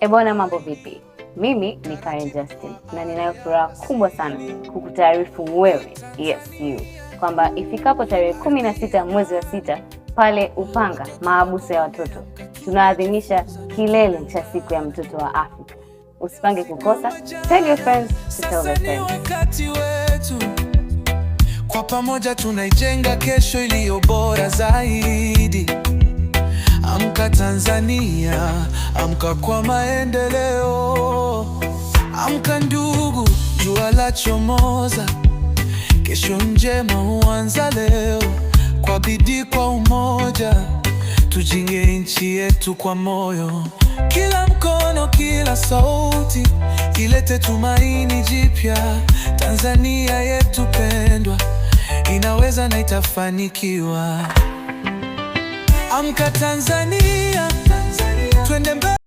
ebona eh, mambo vipi? Mimi ni Karen Justin na ninayo furaha kubwa sana kukutaarifu wewe yes you kwamba ifikapo tarehe kumi na sita mwezi wa sita pale Upanga maabuso ya watoto tunaadhimisha kilele cha siku ya mtoto wa Afrika. Usipange kukosa. Tell your friends to tell their friends. Wakati wetu kwa pamoja tunaijenga kesho iliyo bora zaidi. Tanzania, amka kwa maendeleo. Amka ndugu, jua la chomoza, kesho njema huanza leo. Kwa bidii, kwa umoja, tujenge nchi yetu kwa moyo. Kila mkono, kila sauti ilete tumaini jipya. Tanzania yetu pendwa, inaweza na itafanikiwa. Amka Tanzania